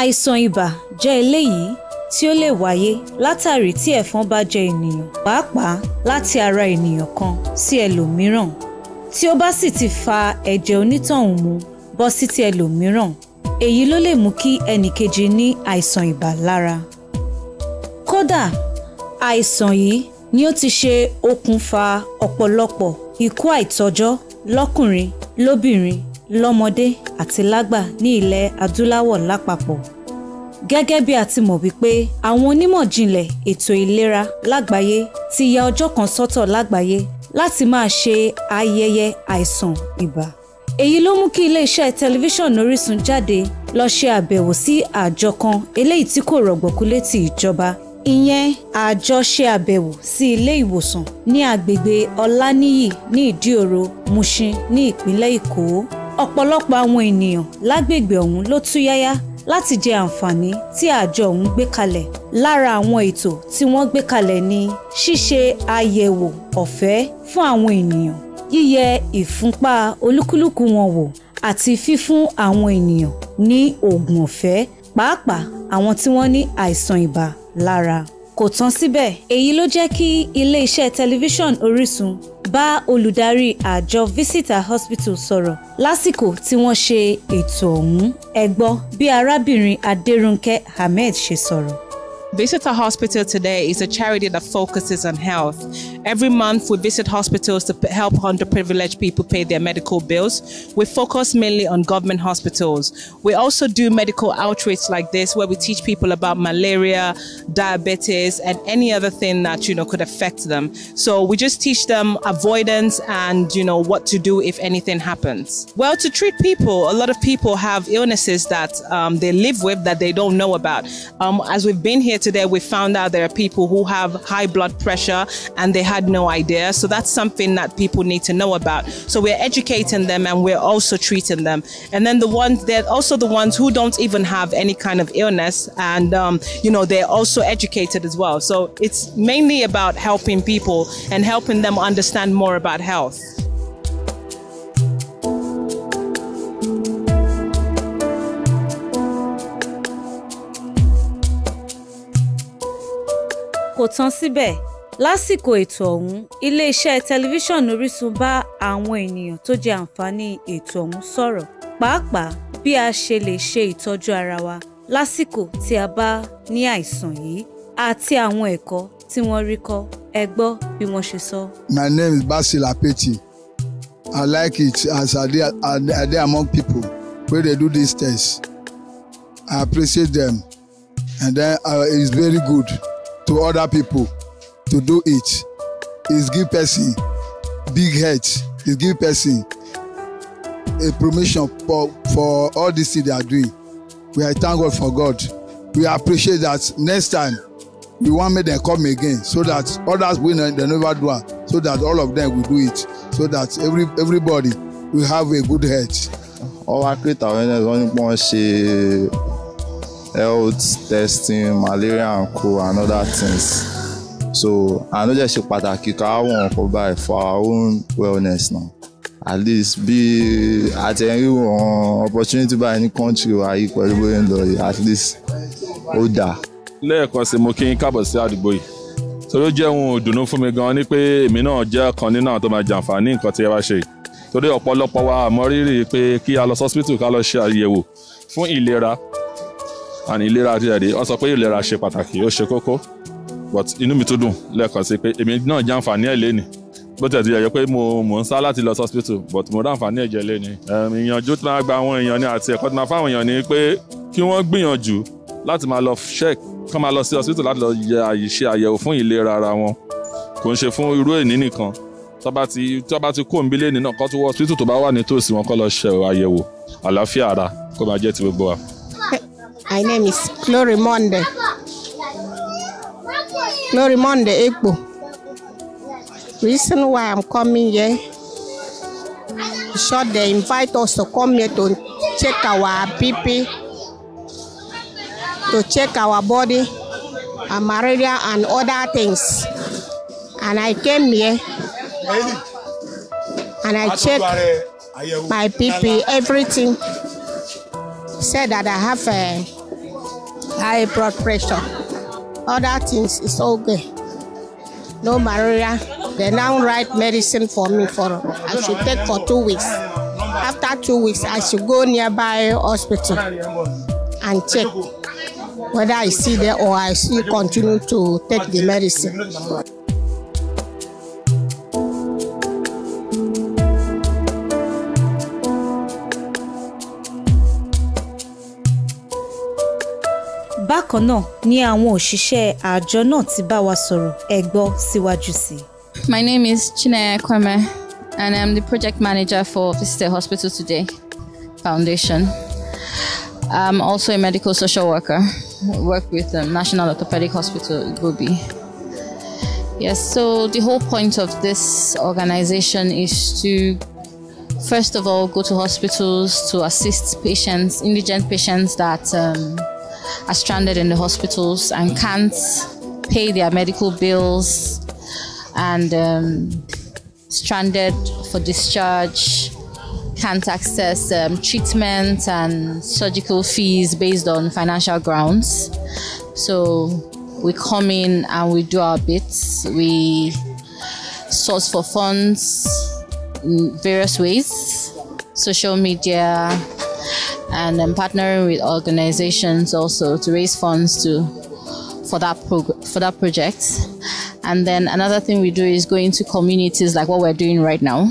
àìsàn ibà jẹ́ eléyìí tí ó lè wáyé látàrí tí ẹ̀fọn bá jẹ ènìyàn pàápàá láti ara ènìyàn kan sí ẹlòmíràn tí ó bá sì ti fa ẹ̀jẹ̀ onítọ̀hún mu bọ́ sí ti ẹlòmíràn èyí ló lè mú kí ẹnìkejì ní àìsàn ibà lára. kódà àìsàn yìí ni ó ti ṣe okùnfà ọ̀pọ̀lọpọ̀ ikú àìtọ́jọ́ lọ́kùnrin lóbìnrin lọ́mọdé àti lágbà ní ilẹ̀ adúláwọ̀ lápapọ̀ gẹ́gẹ́ bí a ti mọ̀ wípé àwọn onímọ̀ jìnlẹ̀ ètò ìlera lágbàáyé ti ya ọjọ́ kan sọ́tọ̀ lágbàáyé láti máa ṣe ayẹyẹ àìsàn ibà èyí ló mú kí iléeṣẹ́ tẹlifíṣàn Orísun jáde lọ ṣe àbẹ̀wò sí àjọ kan eléyìí tí kò rọ̀gbọ̀kú létí ìjọba ìyẹn àjọ ṣe àbẹ̀wò sí ilé ìwòsàn ní agbègbè Ọláníyì ní Ìdíòro Mushin ní ìpínlẹ̀ Èkó ọ̀pọ̀lọpọ̀ àwọn ènìyàn lágbègbè ọ̀hún ló tú yáyá láti jẹ àǹfààní tí àjọ ọ̀hún gbé kalẹ̀ lára àwọn ètò tí wọ́n gbé kalẹ̀ ni ṣíṣe àyẹ̀wò ọ̀fẹ́ fún àwọn ènìyàn yíyẹ ìfúnpá olúkúlùkù wọn wò àti fífún àwọn ènìyàn ní oògùn ọ̀fẹ́ pàápàá àwọn tí wọ́n ní àìsàn ibà lára kò tán síbẹ̀ èyí ló jẹ́ kí iléeṣẹ́ tẹlifíṣọ̀n Orísun bá olùdarí àjọ Visitor Hospital sọ̀rọ̀ lásìkò tí wọ́n ṣe ètò ọ̀hún ẹ gbọ́ bí arábìnrin Adérónkẹ́ Ahmed ṣe sọ̀rọ̀. Visitor Hospital today is a charity that focuses on health Every month, we visit hospitals to help underprivileged people pay their medical bills. We focus mainly on government hospitals. We also do medical outreach like this, where we teach people about malaria, diabetes, and any other thing that you know could affect them. So we just teach them avoidance and you know what to do if anything happens. Well, to treat people, a lot of people have illnesses that um, they live with that they don't know about. Um, as we've been here today, we found out there are people who have high blood pressure and they had no idea. So that's something that people need to know about. So we're educating them and we're also treating them. And then the ones, they're also the ones who don't even have any kind of illness. And, um, you know, they're also educated as well. So it's mainly about helping people and helping them understand more about health. kò tán síbẹ̀ lásìkò ètò ọ̀hún iléeṣẹ́ tẹlifíṣàn Orísun bá àwọn ènìyàn tó jẹ àǹfààní ètò ọ̀hún sọ̀rọ̀ pàápàá bí a ṣe lè ṣe ìtọ́jú ara wa lásìkò tí a bá ní àìsàn yìí àti àwọn ẹ̀kọ́ tí wọ́n rí kọ́ ẹ gbọ́ bí wọ́n ṣe sọ. My name is Basil Apeti. I like it as I dey I dey among people wey dey do this test. I appreciate them and then uh, is very good to other people to do it is give person big head is give person a promotion for for all these things they are doing we are thank God for God we appreciate that next time we wan make dem come again so that others wey dem never do am so that all of them will do it so that every everybody will have a good health. Our akéèta awareness wọ́n ní pé ṣe health testing malaria and co and other things so I àná dẹ̀ ṣe pàtàkì káwọn ọkọ̀ báyìí for our own wellness náà at least bí àtẹ̀ríwọ̀n opportunity báyìí ní country wa yìí pẹ̀lú bóyá ń lọ yìí at least ó dáa. lẹ́ẹ̀kan sí mo kí n káàbọ̀ sí àdúgbò yìí torí ó jẹ́ ohun ìdùnnú fún mi gan-an ni pé èmi náà jẹ́ ọ̀kan nínú àwọn tó máa jàǹfààní nǹkan tí ẹ bá ṣe torí ọ̀pọ̀lọpọ̀ wa àmọ́ rírì pé kí a lọ sọ́sìpítù ká lọ ṣe àyẹ̀wò fún ìlera àní ìlera rẹ̀ dé wọ́n sọ pé ìlera ṣe pàtàkì ó ṣe kókó but inú mi tún dùn lẹ́ẹ̀kan sí pé èmi náà jẹ́ àǹfààní ẹ̀ lé ni bó tẹ̀ ti yẹ pé mo mò ń sá láti lọ hospital but mo dá àǹfààní ẹ̀jẹ̀ lé ni. ìyànjú tí wọ́n gba àwọn èèyàn ni àti ẹ̀kọ́ tí wọ́n fáwọn èèyàn ni pé kí wọ́n gbìyànjú láti máa lọ check kán máa lọ sí hospital láti lọ yẹ àyẹ̀wò fún ìlera ara wọn kò ń ṣe fún irú èní nìkan tó ti tó ti kó nbílé ní náà tó hospital tó bá wà nítòsí wọn kán lọ ṣe àyẹ̀wò àlàáfíà ara kó máa jẹ́ ti gbogbo wa. My name is Chloe Monday. Glory Monday Ekpo. Reason why I'm coming here. Sure they invite us to come here to check our BP, to check our body, and malaria and other things. And I came here and I check my PP, everything. Said that I have a high blood pressure other things is okay. No malaria. They now write medicine for me for I should take for two weeks. After two weeks, I should go nearby hospital and check whether I see there or I still continue to take the medicine. bákan náà ni àwọn òṣìṣẹ́ àjọ náà ti bá wa sọ̀rọ̀ ẹ gbọ́ síwájú sí i. My name is Chineye Kwame and I'm the project manager for Visitor Hospital Today Foundation. I'm also a medical social worker. I work with the um, National Orthopedic Hospital gobi. Yes, so the whole point of this organization is to first of all go to hospitals to assist patients, indigent patients that um, are stranded in the hospitals and can't pay their medical bills and um, stranded for discharge, can't access um, treatment and surgical fees based on financial grounds. So we come in and we do our bits. We source for funds in various ways, social media, and then partnering with organizations also to raise funds to for that for that project. And then another thing we do is go into communities like what we're doing right now,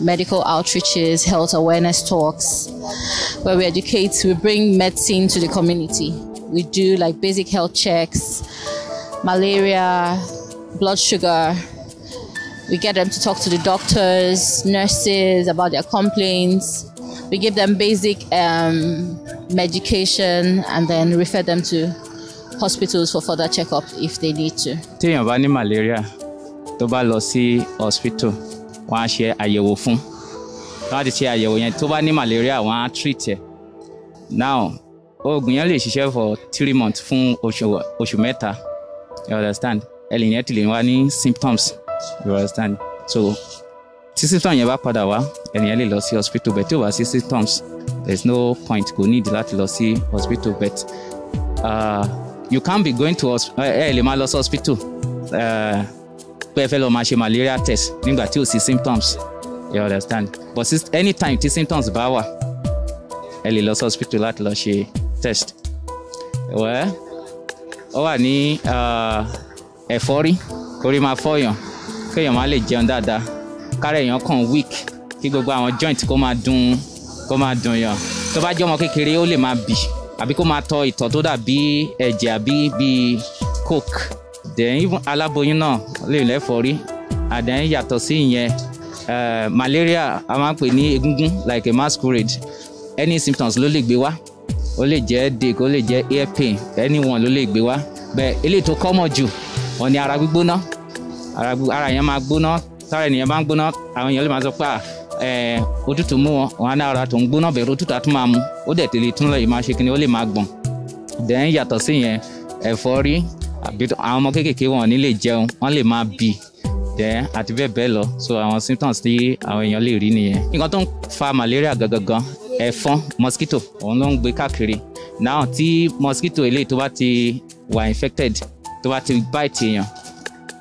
medical outreaches, health awareness talks, where we educate, we bring medicine to the community. We do like basic health checks, malaria, blood sugar. We get them to talk to the doctors, nurses about their complaints We give them basic um, medication and then refer them to hospitals for further checkup if they need to. téèyàn bá ní malaria tó bá lọ sí hospital wọ́n á ṣe àyẹ̀wò fún wọ́n á ti ṣe àyẹ̀wò yẹn tó bá ní malaria wọ́n á treat ẹ̀ now oògùn yẹn lè ṣiṣẹ́ for three months fún oṣù oṣù mẹ́ta you understand ẹlẹ́yìn yẹn ti lè wá ní symptoms you understand so tí symptom yẹn bá padà wá ẹnìyẹn lè lọ sí hospital bẹ̀ tí ó bá sí symptoms there is no point kò need ìdí láti lọ sí hospital but uh, ah, you can't be going to ẹ lè máa lọ sí hospital ah, pé ẹ fẹ́ lọ máa ṣe malaria test nígbà tí ò sí symptoms you understand but anytime tí symptoms bá wà ẹ lè lọ sí hospital láti lọ ṣe test wẹ́ẹ́ ó wà ní ah, ẹ̀fọ́rí orí máa fọ́yàn kéèyàn má lè jẹun dáadáa kárẹ̀ èèyàn kàn weak kí gbogbo àwọn joint kó máa dùn kó máa dùn yàn tó bá jẹ́ ọmọ kékeré ó lè máa bì àbí kó máa tọ ìtọ̀ tó dàbí ẹ̀jẹ̀ àbí bíi coke then even aláboyún náà lè lẹ́fọ̀rí and then yàtọ̀ sí ìyẹn eh, malaria a máa ń pè ní egungun like a masquerade any symptoms ló lè gbé wá ó lè jẹ́ headache ó lè jẹ́ ear pain anyone ló lè gbé wá bẹ́ẹ̀ eléyìí tó common jù wọ́n ní ara gbígbóná ara yẹn máa gbóná tára ènìyàn bá ń gbóná àwọn èèyàn lè máa sọ pé à òtútù mú wọn ní ara tó ń gbóná bẹ̀rẹ̀ òtútù á tún ó dẹ̀ tẹ̀lé tún lọ́ọ́ máa ṣe kí ni ó lè máa gbọ̀n dẹ̀yìn yàtọ̀ sí yẹn ẹ̀fọ́rí àbí àwọn ọmọ kéékèèké wọn ní lè jẹun wọ́n lè máa bì dẹ̀ àti bẹ́ẹ̀ bẹ́ẹ̀ lọ so àwọn symptoms tí àwọn èèyàn lè rí nìyẹn. nǹkan tó ń fa malaria gangan ẹ̀fọn mosquito òun ló ń gbé káàkiri now tí mosquito eléyìí tó bá ti wà infected tó bá ti bite èèyàn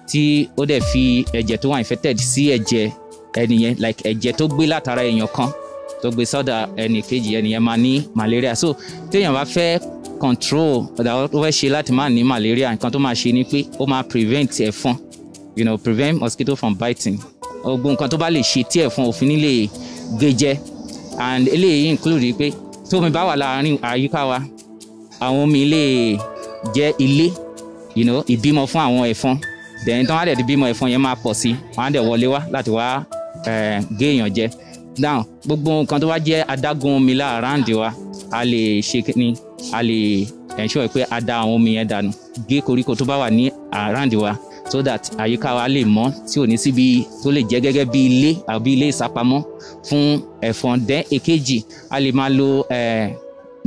tí ó dẹ̀ fi ẹ̀jẹ̀ tó wà infected sí ẹ̀jẹ̀ ẹni yẹn like ẹ̀jẹ̀ tó gbé látara èèyàn kan tó gbé sọ́dà ẹnì kejì ẹni yẹn máa ní malaria so téèyàn bá fẹ́ control ọ̀dà tó fẹ́ ṣe láti má ní malaria nǹkan tó máa ṣe ni pé ó máa prevent ẹ̀fọn you know prevent mosquito from biting gbogbo nǹkan tó bá lè ṣe tí ẹ̀fọn òfin ní lè gé jẹ and eléyìí include pé tómi bá wà láàárín àyíká wa àwọn omi lè jẹ́ ilé you know ìbímọ fún àwọn ẹ̀fọn then tán á dẹ̀ ti bímọ ẹ̀fọn yẹn máa pọ̀ sí wọ́n á dẹ̀ wọlé wá láti wá Eh, gé èèyàn jẹ down gbogbo nǹkan tó wá jẹ́ adágún omi láàráǹdì wa a lè ṣe ni a lè ensure pé a da àwọn omi yẹn dànù gé koríko tó bá wà ní àráǹdì wa so that àyíká wa lè mọ́ tí ò ní síbi tó lè jẹ́ gẹ́gẹ́ bí ilé àbí ilé ìsápamọ́ fún ẹ̀fọn dẹ èkejì a lè máa lo eh,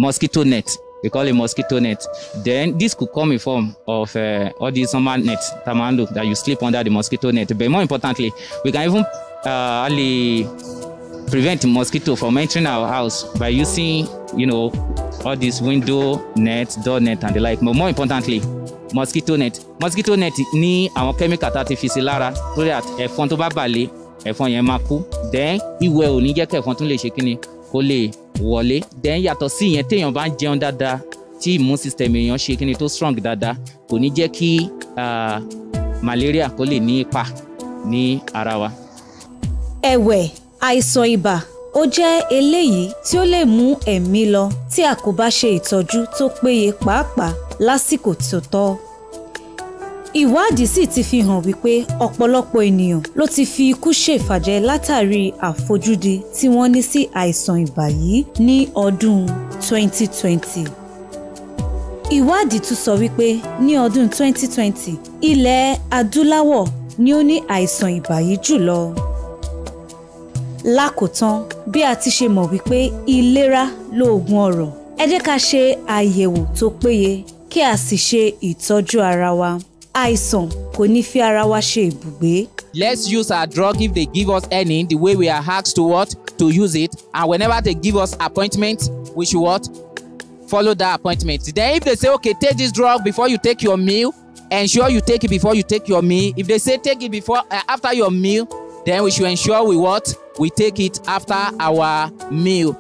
mosquito net we call it mosquito net then this could come in form of uh, all these normal nets that you sleep under the mosquito net but more importantly we can even uh, early prevent mosquito from entering our house by using, you know, all these window net, door net and the like. But more importantly, mosquito net. Mosquito net ní àwọn chemical tá a lára so that ẹ̀fọn tó bá balẹ̀ ẹ̀fọn yẹn máa kú. Then ìwẹ̀ ò ní jẹ́ kẹ̀fọn tún lè ṣe kíni kó lè wọlé. Then yàtọ̀ sí ìyẹn téèyàn bá ń jẹun dáadáa tí immune system èèyàn ṣe kíni tó strong dáadáa kò ní jẹ́ kí uh, malaria kó lè ní ipa ní ara wa ẹ̀wẹ̀ àìsàn ibà ó jẹ́ eléyìí tí ó lè mú ẹ̀mí lọ tí a kò bá ṣe ìtọ́jú tó péye pàápàá lásìkò tó tọ́. ìwádìí sì ti fi hàn wípé ọ̀pọ̀lọpọ̀ ènìyàn ló ti fi ikú ṣèfàjẹ́ látàrí àfojúdi tí wọ́n ní sí àìsàn ibà yìí ní ọdún 2020. ìwádìí tún sọ wípé ní ọdún 2020 ilẹ̀ adúláwọ̀ ni ó ní àìsàn ibà yìí jùlọ lákòótán bí a ti ṣe mọ̀ wípé ìlera lóògùn ọrọ̀ ẹ jẹ́ ká ṣe àyẹ̀wò tó péye kí a sì ṣe ìtọ́jú ara wa àìsàn kò ní fi ara wa ṣe ibùgbé. Let's use our drug if they give us any the way we are asked to what to use it and whenever they give us appointment we should what follow that appointment. Then if they say okay take this drug before you take your meal ensure you take it before you take your meal if they say take it before uh, after your meal then we should ensure we what we take it after our meal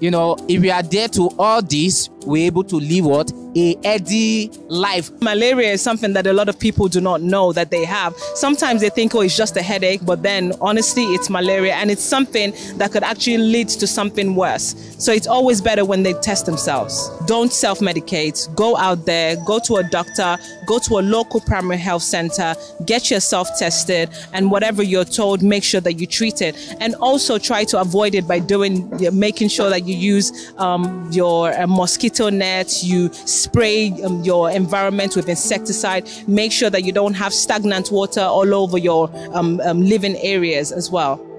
you know if we are adhere to all this we're able to live what a healthy life. Malaria is something that a lot of people do not know that they have. Sometimes they think, oh, it's just a headache, but then honestly, it's malaria and it's something that could actually lead to something worse. So it's always better when they test themselves. Don't self medicate. Go out there, go to a doctor, go to a local primary health center, get yourself tested, and whatever you're told, make sure that you treat it. And also try to avoid it by doing, making sure that you use um, your uh, mosquito mosquito nets, you spray um, your environment with insecticide, make sure that you don't have stagnant water all over your um, um living areas as well.